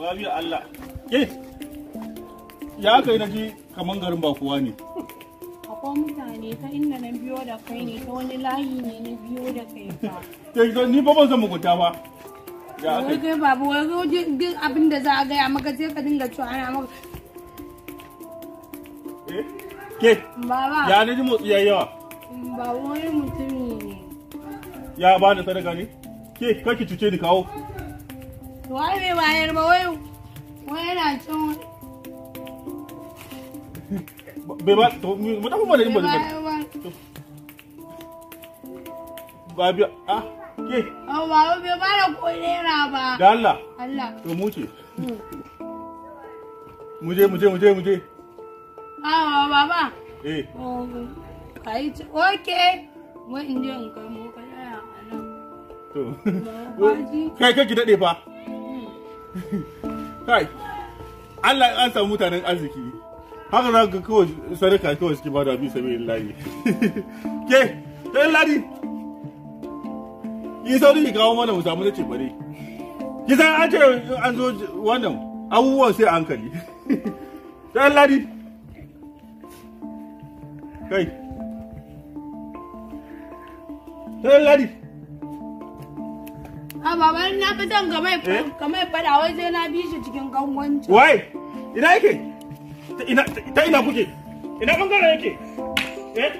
Rabi Allah. Ke, ya kai na ji kaman garin bakuwa ne. Akwai mutane ta inda na biyo da kai ne ta wani layi ne na biyo da kai ba ni ba ban san mugunta ba. Ya kai. Wai babu wai duk abin da za a gaya maka sai ka dinga cewa ana maka. Eh, ke, baba ya ne ji motsi yayi yawa. Ba wani mutumi ne. Ya ba da sadaka ne? Ke, kake cuce ni kawo. wai bai ba wai wai ba to mu da kuma da ba ba ah ke oh ba ba da kolera ba da Allah Allah to mu ce baba eh kai okay wai in je in kai kai Allah ya an samu mutanen arziki haka za ka kawai sadaka kawai suke bada bi sabi lillahi ke ke ladi yi sauri ki kawo mana mu samu na ce bare ki san an ce an zo wannan abubuwan sai hankali ke ladi kai ke ladi A baban na fi son ka mai fada eh? wai sai na bi shi cikin gangwanci. Wai, ina yake? Ta ina kuke? Ina bangare yake? Eh?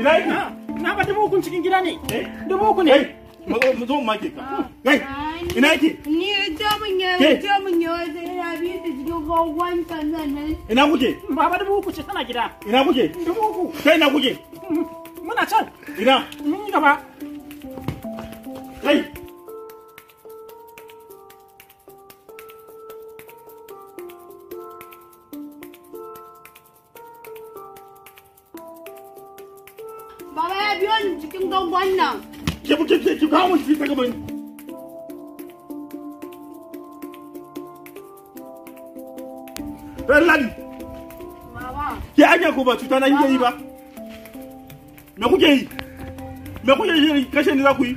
Ina yake? Ah, na ba dubu kun cikin gida ne. Eh? Dubu kun ne. Mu zo mu make ka. Kai, ina yake? Ni ta mun ya ta mun ya wai sai na bi shi cikin gangwancin nan. Ina kuke? Baba dubu kun ce tana gida. Ina kuke? Dubu kun? Kai ina kuke? Muna can. Ina? Mun yi gaba. baba ya biyo ni cikin gangon nan. Ke muke ke ki kawo mun ta gaban. Ran ladi. Baba. Ke anya ko ba cuta na yi ba. Me kuke yi? Me kuke yi kashe ni za ku yi?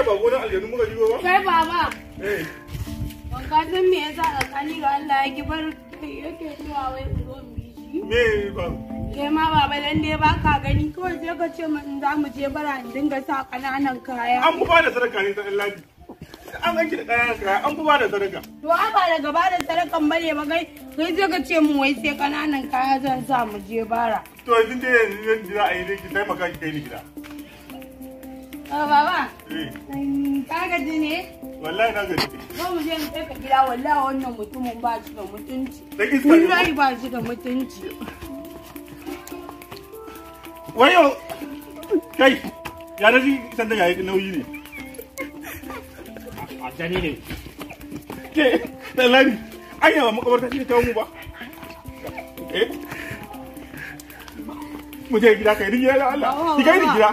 ne ba gonar aljanu muka ji ba kai baba eh ban ka me yasa tsakani ga Allah ya ki bar yake zuwa wai zo mu shi me ba kai ma baba dan dai ba ka gani kawai sai ka ce mun za mu je bara in dinga sa kananan kaya an ba da sadaka ne ta Allah an ganki da kayan kaya an ba da sadaka to a ba da gaba da sadakan bane ba kai kai sai ka ce mun wai sai kananan kaya zan sa mu je bara to yanzu dai yanzu za a yi ne ki taimaka ki kai ni gida Baba. Eh. gaji ne? Wallahi na gaji. Zo mu je mu kai gida wallahi wannan mutumin ba shi da mutunci. Da iska Wallahi ba shi da mutunci. Wayo kai ya da san da yayi nauyi ne. A jani ne. Ke lalani an yawa makabarta shi ta mu ba. Eh? Mu je gida kai ni Allah. Ki kai gida.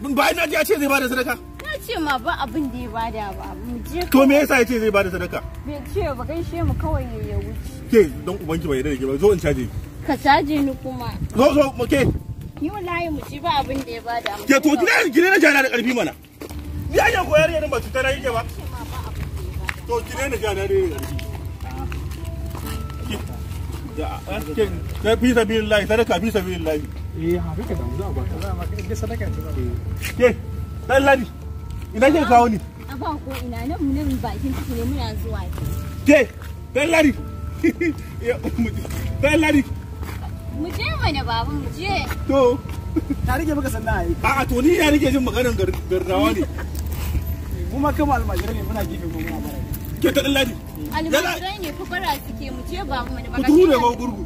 ba ina ji ya ce zai bada sadaka na ce ma ba abin da ya bada ba mu je to me yasa ya ce zai bada sadaka bai ce ba gaishe mu kawai ya wuce ke don ubanki bai yarda da ke ba zo in caje ka caje ni kuma zo zo mu ke ni wallahi mu ci ba abin da ya bada ke to gine na jana da karfi mana ni ake koyar yanin ba cutar yake ba to gine na jana da karfi ah. da fi sabilillahi sadaka fi sabilillahi Eh, a bata za a maka ɗin ba eh. ke dan ladi ina ke kawo ni mu ciki ne ke dan ladi dan ladi mu je baba to ta rike maka sannan ayi a'a to ni ya rike jin maganar gardawa ne mu ma kama almajirai ne muna gefe ko muna bara ke ta dan almajirai ne fa bara suke mu je ba mu da baka ku ba gurgu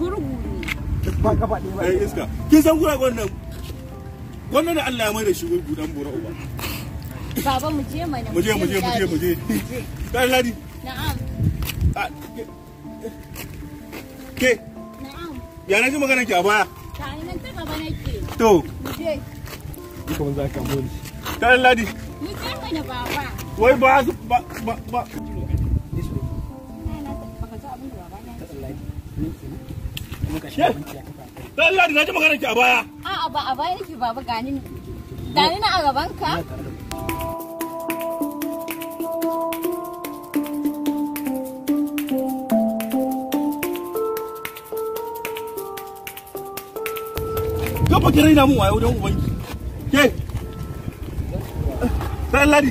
gurgu ba kafa ɗaya ba iska kin san kura wannan wannan da Allah ya mai da shi wai gudan bora uba baba mu je mana mu je mu je mu je mu je dan ladi na'am ah, ke na'am ya na magana ki a baya ta nan ta gaba nake to mu je kuma za ka mun dan ladi mu je mana baba wai ba ba ba Ta Allah da ji magana ki a baya. A'a ba a baya nake baba gani. Gani na a gaban ka. Gaba ki raina mun wayo don ubanki. Ke. Ta Allah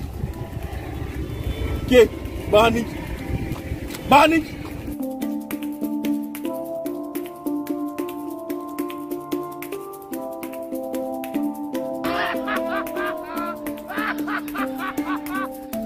Ke ba hannunki. Ba hannunki.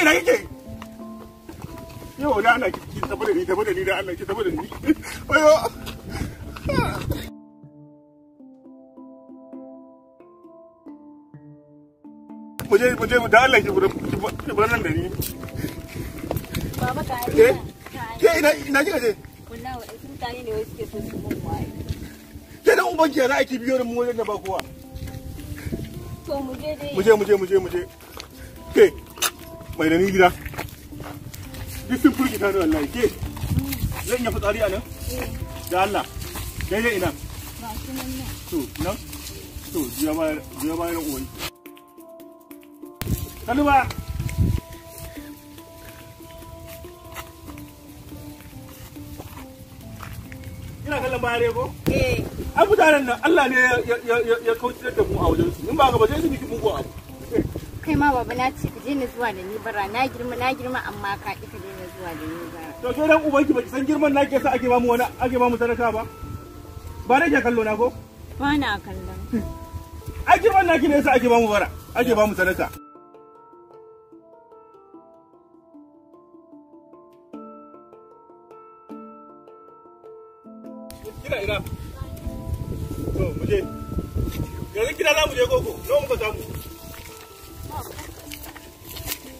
kai na kike yau da Allah ki tafi da ni da ni da Allah ki da ni ayo mu je mu da Allah ki bar nan da ni baba ka yi eh? ke ina ina je wallahi ne wai suke so su mun biyo da mu wajen da ba kowa to mu dai mai da ni gida duk sun furgita ni wallahi ke zan iya fitsari a nan da Allah daidai ina to nan to jiya bayar jiya bayar ina kallon bayare ko? Eh. Ai mutanen nan Allah ne ya kautar da mu a wajen su. In ba ka ba sai su mugun abu. kai ma baba na ce ka na zuwa da ni bara na girma na girma amma ka ki ka na zuwa da ni bara to ke dan ki baki san girman na ke sa ake ba mu wani ake ba mu sadaka ba ba ke kallo na ko ba na kallo. a girman na ki ne yasa ake ba mu bara ake ba mu sadaka kira ina to mu yanzu kira za mu koko nawa muka samu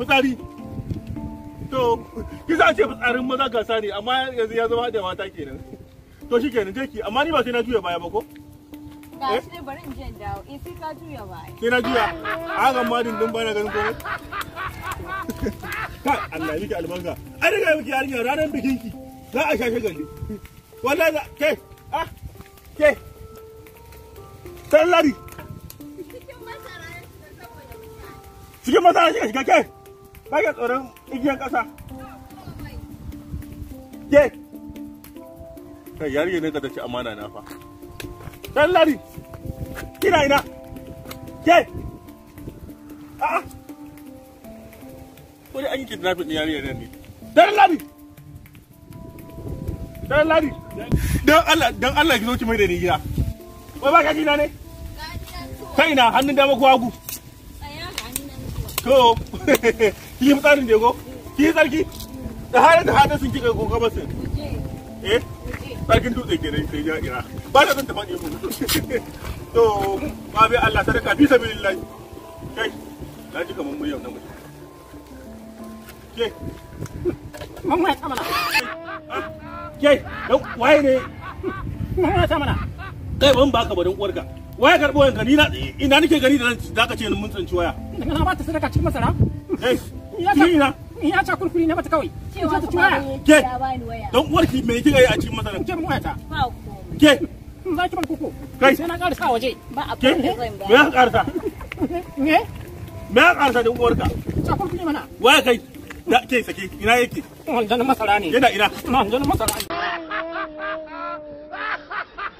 fitsari to ki ce fitsarin maza gasa ne amma yanzu ya zama da mata kenan to shi kenan je ki amma ni ba sai na juya baya ba ko ga shi eh? bari in je in dawo eh sai ka juya baya sai na juya a ga madin din bana ganin komai ka Allah yake albarka ai daga yarinya ranar bikin ki za a shashe wallahi ke ah ke sallari cikin masara cikin masara shiga ke orang tsoron igiyar ƙasa ke kai yari ne ka si amana na fa dan lari kina ina ke ah ko dai an yi kidnapping din yarinya ne lari dan lari Dang Allah dan Allah ki zo ki mai da ni gida wai ka gina ne kai na hannun dama ko hagu ko. ki yi mutsarin jego ki da hada da hada sun kika ko gabasin eh tsarkin dutse ke nan sai ja'ira ba da zan yi mun to ba bi Allah sadaka bi sabilillah kai na ji kaman mu yau nan ke mun mai tsamana ke dan waye ne mun mai tsamana kai ban baka ba uwarka waya karɓo yanka ni ina nake gani da zaka ce mun tsanci waya na ba ta sadaka cikin masara Kirina. In ya ta kurkuri na bata kawai. Cewa ta waya. Ke. Don uwarki me kika yi a cikin masarar? Ke mun wayata. Ba Ke. In za ki bar koko. Kai. Sai na karasa waje. Ba a kan zan ba. Me ya karasa? Me? Me ya karasa da uwarka? Ta kurkuri mana. Waya kai. Da ke sake ina yake? Mandanin masara ne. Yana ina? Mandanin masara ne.